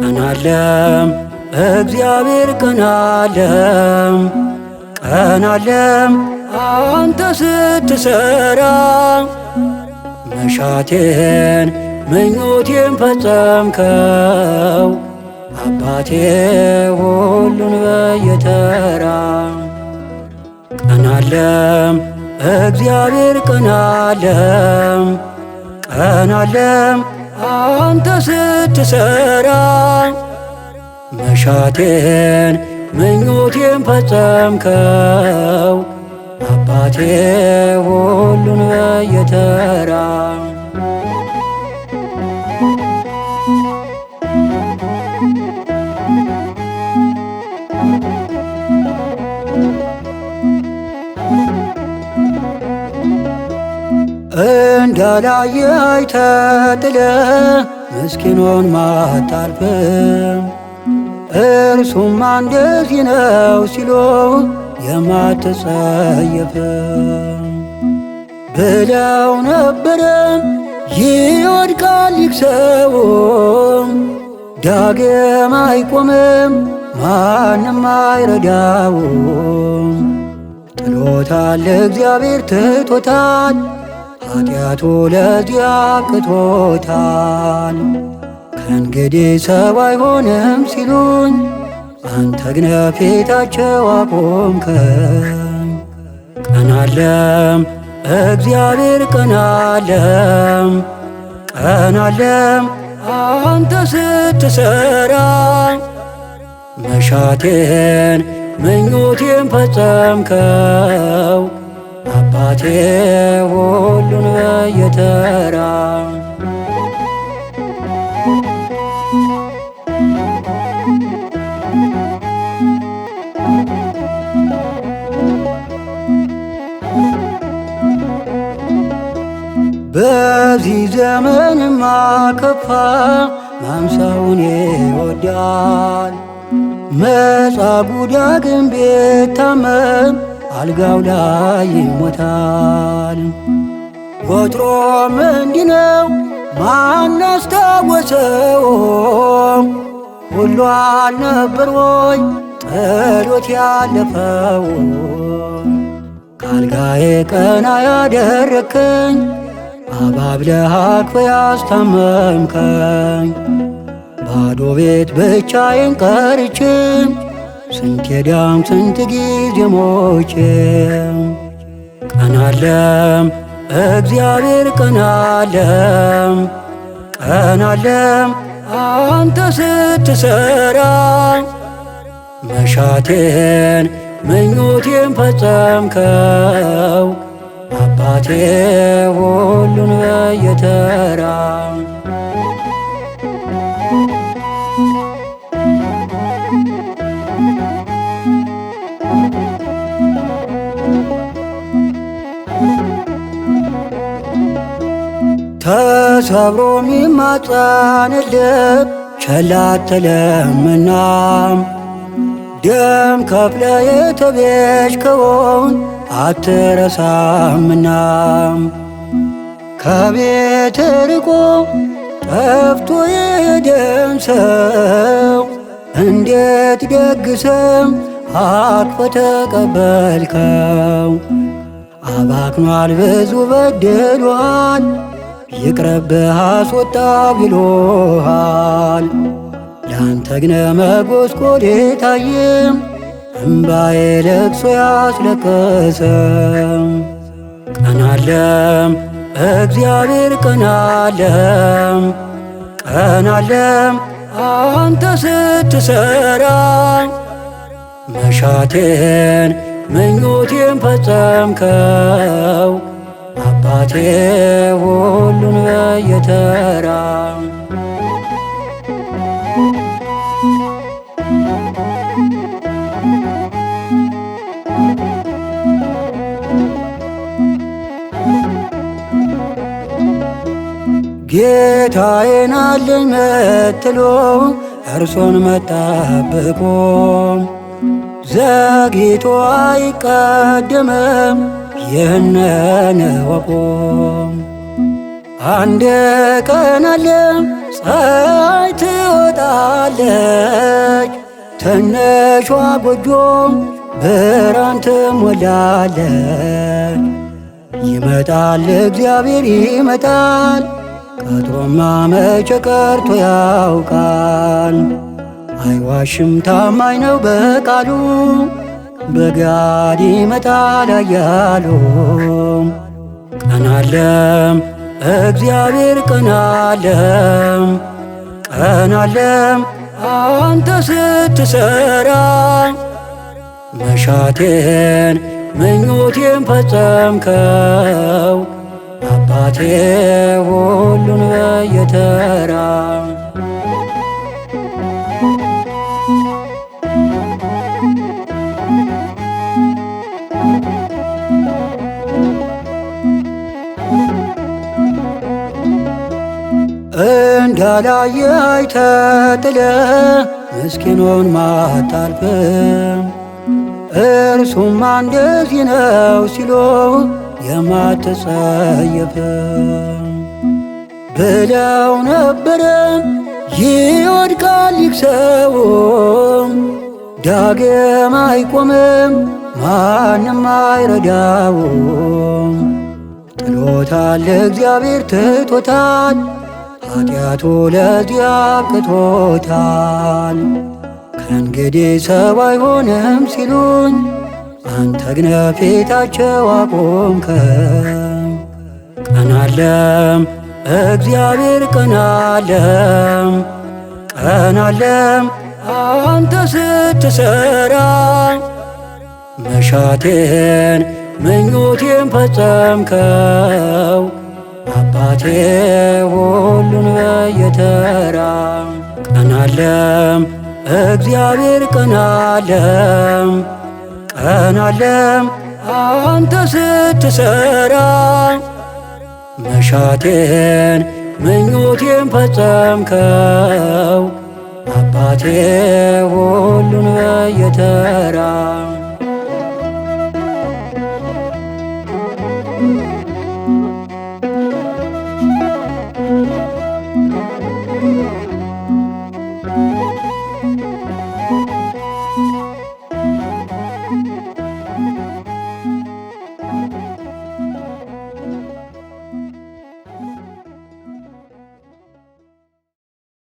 ቀናለም እግዚአብሔር ቀናለም ቀናለም አንተ ስትሰራ መሻቴን ምኞቴን ፈጸምከው አባቴ ሁሉን በየተራ ቀናለም እግዚአብሔር ቀናለም ቀናለም አንተ ስትሰራ መሻቴን ምኞቴን ፈጸምከው አባቴ ሁሉን በየተራ እንዳላየ አይተጥለ ምስኪኑን ማታልፍ እርሱም እንደዚህ ነው ሲሉ የማትጸየፍ ብለው ነበረም ይወድቃል ይክሰው ዳግም አይቆምም ማንም አይረዳውም። ጥሎታል እግዚአብሔር ትቶታል ኃጢአቱ ለዚያ አቅቶታል ከእንግዲህ ሰው አይሆንም ሲሉኝ አንተ ግን ፊታቸው አቆምከ ቀናለም እግዚአብሔር ቀናለም ቀናለም አንተ ስትሰራ መሻቴን ምኞቴን ፈጸምከው አባቴ ሁሉን በየተራ በዚህ ዘመንማ ከፋ ወዳል። ይወዳል መጻጉዕ ዳግም ቢታመም አልጋው ላይ ይሞታል። ወትሮም እንዲህ ነው ማን አስታወሰው? ሁሉ አልነበር ወይ ጥሎት ያለፈው? ካልጋዬ ቀና ያደረከኝ አባብለህ አቅፈህ ያስታመምከኝ ባዶ ቤት ብቻዬን ቀርቼም ስንት ዳም ስንት ጊዜ ሞቼ ቀናለም እግዚአብሔር ቀናለም ቀናለም አንተ ስትሰራ መሻቴን ምኞቴን ፈጸምከው አባቴ ሁሉን በየተራ ተሰብሮ ሚማፀን ልብ ቸል አትልምና ደም ከፍለ የተቤዥከውን አትረሳምና ከቤት ርቆ ጠፍቶ የሄደን ሰው እንዴት ደግሰም አቅፈ ተቀበልከው። አባክኗል ብዙ በደሏል፣ ይቅረብህ አስወጣ ብሎሃል። ያንተ ግነ መጎስቆል ታይም እምባዬ ለቅሶ ያስለቀሰ ቀናለም እግዚአብሔር ቀናለም ቀናለም አንተ ስትሰራ መሻቴን ምኞቴን ፈጸምከው አባቴ ሁሉን በየተራ ጌታዬን አለኝ ምትሉ እርሶን መጠበቁ ዘግይቶ አይቀድምም፣ ይህንን እወቁ። አንድ ቀን አለ ፀሐይ ትወጣለች፣ ትንሿ ጎጆ ብርሃን ትሞላለች። ይመጣል እግዚአብሔር ይመጣል ቀጥሮማ መቼ ቀርቶ ያውቃል። አይዋሽም ታማኝ ነው በቃሉ በጋድ ይመጣል አያሉ ቀናለም እግዚአብሔር ቀናለም ቀናለም አንተ ስትሰራ መሻቴን ምኞቴን ፈጸምከው አባቴ እንዳላየ አይተጥለ ምስኪኑን ማታልፍ እርሱማ እንደዚህ ነው ሲሎ የማትጸየፍ ብለው ነበረ ይወድቃል ይህ ሰው ዳግም አይቆምም ማንም አይረዳውም ጥሎታል እግዚአብሔር ትቶታል ኃጢአቱ ለዚያ አቅቶታል። ከእንግዲህ ሰው አይሆንም ሲሉኝ አንተ ግን ፊታቸው አቆምከኝ። ቀናለም እግዚአብሔር ቀናለም ቀናለም አንተ ስትሰራ መሻቴን ምኞቴን ፈጸምከው። አባቴ ሁሉን በየተራ ቀናለም እግዚአብሔር ቀናለም ቀናለም አንተ ስትሰራ መሻቴን ምኞቴን ፈጸምከው አባቴ ሁሉን በየተራ